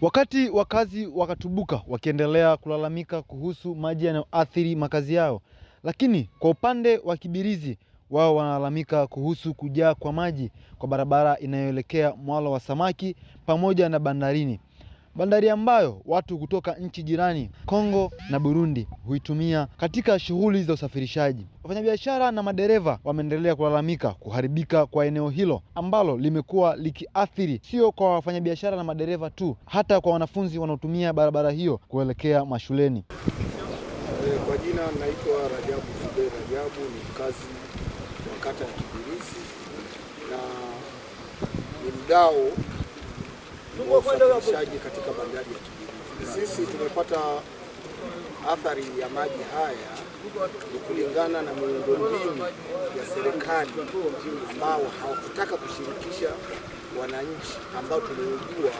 Wakati wakazi wakatubuka wakiendelea kulalamika kuhusu maji yanayoathiri makazi yao, lakini kwa upande wa Kibirizi wao wanalalamika kuhusu kujaa kwa maji kwa barabara inayoelekea mwalo wa samaki pamoja na bandarini bandari ambayo watu kutoka nchi jirani Kongo na Burundi huitumia katika shughuli za usafirishaji. Wafanyabiashara na madereva wameendelea kulalamika kuharibika kwa eneo hilo ambalo limekuwa likiathiri sio kwa wafanyabiashara na madereva tu, hata kwa wanafunzi wanaotumia barabara hiyo kuelekea mashuleni. Kwa jina naitwa Rajabu Zuberi Rajabu, ni mkazi wa kata ya Kibirizi na ni mdao usafirishaji katika bandari ya Kigoma. Sisi tumepata athari ya maji haya ni kulingana na miundombinu ya serikali ambao hawakutaka kushirikisha wananchi ambao tumeugua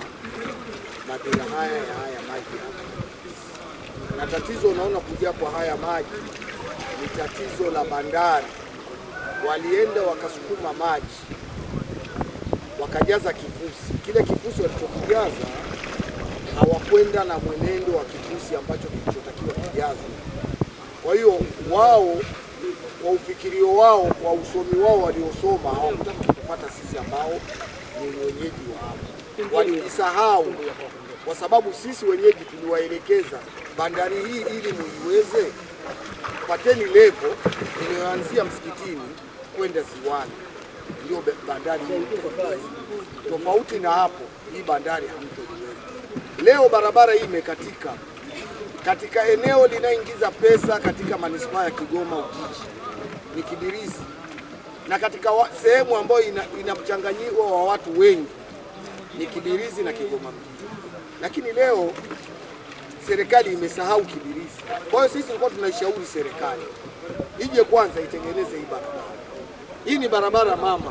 madhara haya ya haya maji hapa, na tatizo unaona, kuja kwa haya maji ni tatizo la bandari. Walienda wakasukuma maji wakajaza kifusi, kile kifusi walicho kujaza hawakwenda na mwenendo wa kifusi ambacho kilichotakiwa kijazwe. Kwa hiyo wao kwa ufikirio wao kwa usomi wao waliosoma hawakutaka kupata sisi ambao ni wenyeji wa hapa, walijisahau kwa sababu sisi wenyeji tuliwaelekeza bandari hii ili muiweze, pateni lepo inayoanzia msikitini kwenda ziwani ndio bandari Tofauti na hapo, hii bandari hamtojiweza. Leo barabara hii imekatika katika eneo linaingiza pesa katika manispaa ya Kigoma Ujiji ni Kibirizi, na katika sehemu ambayo ina, ina mchanganyiko wa watu wengi ni Kibirizi na Kigoma mjini, lakini leo serikali imesahau Kibirizi. Kwa hiyo sisi tulikuwa tunaishauri serikali ije kwanza itengeneze hii barabara hii ni barabara mama,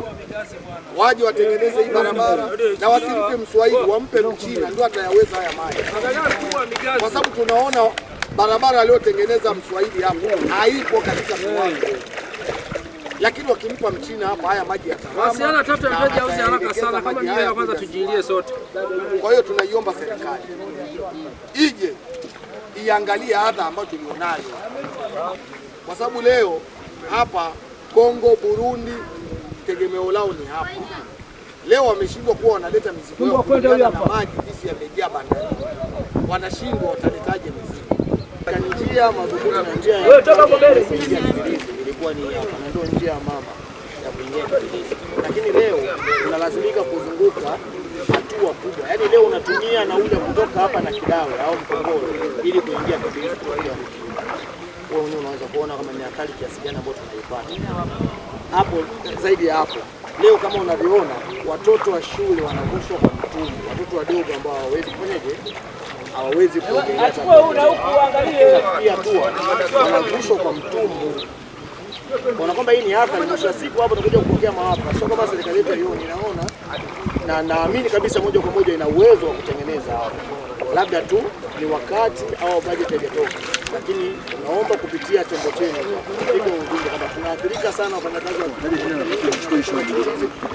waje watengeneze hii barabara na wasimpe Mswahili, wampe Mchina ndio atayaweza haya maji, kwa sababu tunaona barabara aliyotengeneza Mswahili hapo haipo katika kiwango lakini wakimpa mchina hapa haya maji haraka sana, kama ni ya kwanza tujilie sote. Kwa hiyo tunaiomba serikali ije iangalie adha ambayo tulionayo, kwa sababu leo hapa Kongo, Burundi, tegemeo lao ni hapa. Leo wameshindwa kuwa wanaleta mizigo yao kulingana na maji hizi yamejaa bandari, wanashindwa wataletaje mizigo? Njia madhubuti na njia ilikuwa ni hapa, na ndio njia ya mama ya kuingia Kibirizi, lakini leo unalazimika kuzunguka hatua kubwa. Yaani leo unatumia nauli kutoka hapa na Kidawe au Mkongoro ili kuingia hiyo wewe mwenyewe unaweza kuona kama ni hatari kiasi gani ambayo tunaipata hapo. Zaidi ya hapo, leo kama unavyoona watoto wa shule wanavushwa kwa mtumbwi, watoto wadogo ambao hawawezi kufanyaje, hawawezi kuogelea, pia tu wanavushwa kwa mtumbwi Ona kwamba hii ni hapa, mwisho wa siku hapo tunakuja kupokea maafa. Sio kama serikali yetu hiyo, ninaona na naamini kabisa moja kwa moja ina uwezo wa kutengeneza hapo, labda tu ni wakati au bajeti haijatoka lakini tunaomba kupitia chombo chenu ujumbe kwamba tunaathirika sana wafanyakazi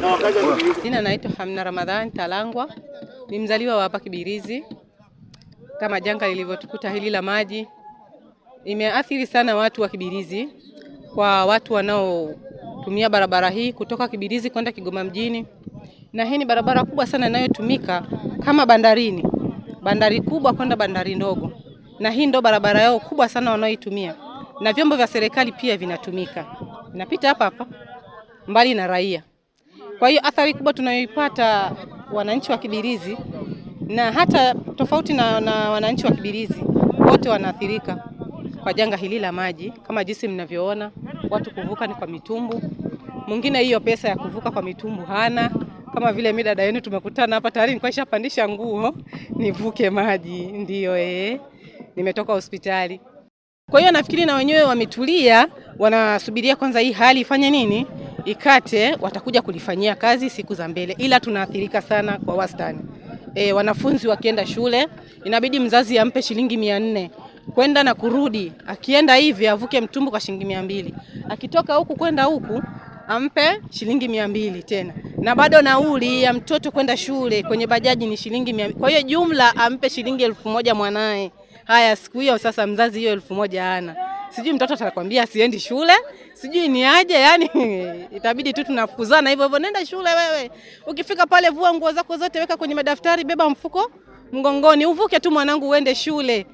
na wakazi wa Kibirizi. Jina naitwa Hamna Ramadhan Talangwa, ni mzaliwa wa hapa Kibirizi. Kama janga lilivyotukuta hili la maji, imeathiri sana watu wa Kibirizi, kwa watu wanaotumia barabara hii kutoka Kibirizi kwenda Kigoma mjini, na hii ni barabara kubwa sana inayotumika kama bandarini, bandari kubwa kwenda bandari ndogo na hii ndo barabara yao kubwa sana wanaoitumia, na vyombo vya serikali pia vinatumika, vinapita hapa hapa mbali na raia. Kwa hiyo athari kubwa tunayoipata wananchi wa Kibirizi, na hata tofauti na, na wananchi wa Kibirizi wote wanaathirika kwa janga hili la maji. Kama jinsi mnavyoona, watu kuvuka ni kwa mitumbu, mwingine hiyo pesa ya kuvuka kwa mitumbu hana kama vile mi dada yenu tumekutana hapa tayari, nilikuwa nishapandisha nguo nivuke maji, ndiyo eh nimetoka hospitali. Kwa hiyo nafikiri na wenyewe wametulia, wanasubiria kwanza hii hali ifanye nini, ikate, watakuja kulifanyia kazi siku za mbele, ila tunaathirika sana kwa wastani. E, wanafunzi wakienda shule inabidi mzazi ampe shilingi mia nne kwenda na kurudi, akienda hivi avuke mtumbu kwa shilingi mia mbili akitoka huku kwenda huku ampe shilingi mia mbili tena, na bado nauli ya mtoto kwenda shule kwenye bajaji ni shilingi mia mbili. Kwa hiyo jumla ampe shilingi elfu moja mwanaye. Haya, siku hiyo sasa mzazi hiyo elfu moja hana, sijui mtoto atakwambia siendi shule, sijui ni aje. Yani itabidi tu tunafukuzana hivyo hivyo, nenda shule wewe. Ukifika pale, vua nguo zako zote, weka kwenye madaftari, beba mfuko mgongoni, uvuke tu mwanangu, uende shule.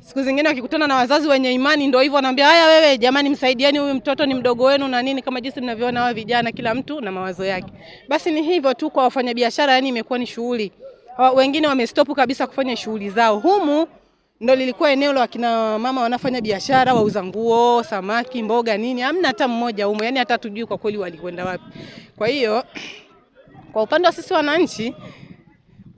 Siku zingine wakikutana na wazazi wenye imani, ndio hivyo, wanaambia haya, wewe jamani, msaidieni huyu mtoto, ni mdogo wenu na nini, kama jinsi mnavyoona hawa vijana, kila mtu na mawazo yake. Basi ni hivyo tu kwa wafanyabiashara, yani imekuwa ni shughuli, wengine wamestopu kabisa kufanya shughuli zao humu ndo lilikuwa eneo la wakina mama wanafanya biashara, wauza nguo, samaki, mboga, nini. Hamna hata mmoja humo yani hata tujui kwa kweli walikwenda wapi. Kwa hiyo kwa upande wa sisi wananchi,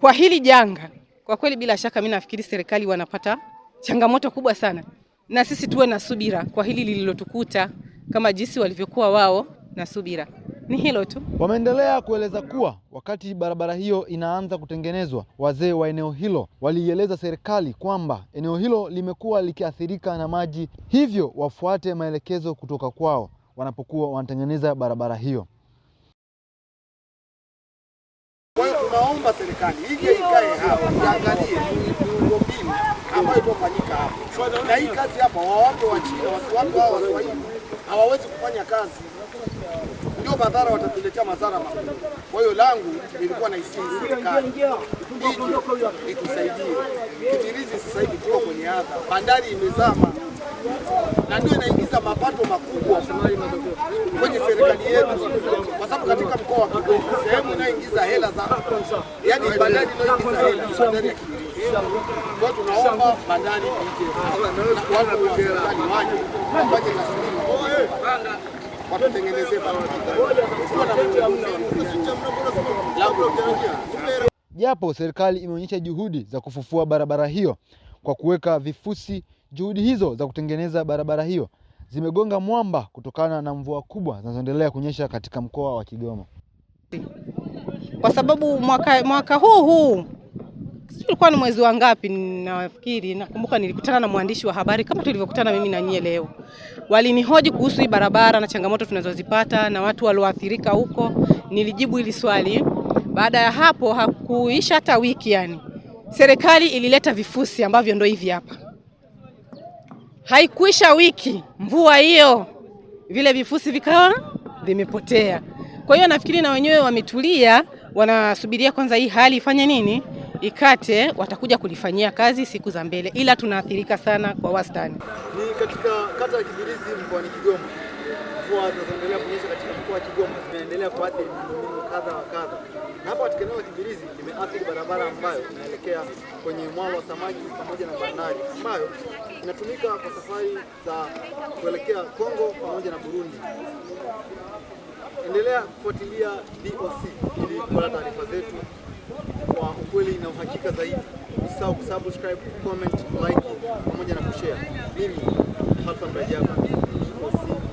kwa hili janga, kwa kweli, bila shaka, mi nafikiri serikali wanapata changamoto kubwa sana, na sisi tuwe na subira kwa hili lililotukuta kama jinsi walivyokuwa wao na subira. Ni hilo tu. Wameendelea kueleza kuwa wakati barabara hiyo inaanza kutengenezwa, wazee wa eneo hilo waliieleza serikali kwamba eneo hilo limekuwa likiathirika na maji, hivyo wafuate maelekezo kutoka kwao wanapokuwa wanatengeneza barabara hiyo. Kwa hiyo tunaomba serikali ije ikae hapo iangalie miundombinu ambayo itofanyika hapo, na hii kazi hapa wawape Wachina, watu wao Waswahili hawawezi kufanya kazi ndio madhara watatuletea madhara makubwa. Kwa hiyo langu nilikuwa na isimu itusaidie Kibirizi. Sasa hivi tuko kwenye adha, bandari imezama na ndio inaingiza mapato makubwa kwenye serikali yetu, kwa sababu katika mkoa wa Kigoma sehemu inayoingiza hela za yani bandari inayoingiza hela bandari ya Kibirizi. Kwa tunaomba bandari ije, waje kasilimu barabara. Japo serikali imeonyesha juhudi za kufufua barabara hiyo kwa kuweka vifusi, juhudi hizo za kutengeneza barabara hiyo zimegonga mwamba kutokana na mvua kubwa zinazoendelea kunyesha katika mkoa wa Kigoma, kwa sababu mwaka, mwaka huu huu sijui ulikuwa ni mwezi wa ngapi, nafikiri nakumbuka nilikutana na mwandishi wa habari kama tulivyokutana mimi na nyie leo walinihoji kuhusu hii barabara na changamoto tunazozipata na watu walioathirika huko. Nilijibu hili swali. Baada ya hapo hakuisha hata wiki, yani serikali ilileta vifusi ambavyo ndio hivi hapa. Haikuisha wiki, mvua hiyo, vile vifusi vikawa vimepotea. Kwa hiyo nafikiri na wenyewe wametulia, wanasubiria kwanza hii hali ifanye nini ikate watakuja kulifanyia kazi siku za mbele, ila tunaathirika sana kwa wastani. Ni katika kata ya Kibirizi mkoani Kigoma. Mvua zinazoendelea kunyesha katika mkoa wa Kigoma zinaendelea kuathiri miundombinu kadha wa kadha, na hapa katika eneo la Kibirizi imeathiri barabara ambayo inaelekea kwenye mwalo wa samaki pamoja na bandari ambayo inatumika kwa safari za kuelekea Kongo pamoja na Burundi. Endelea kufuatilia DOC ili kupata taarifa zetu kwa ukweli na uhakika zaidi. Usisahau kusubscribe, comment, like pamoja na kushare. Mimi Halfan Rajab.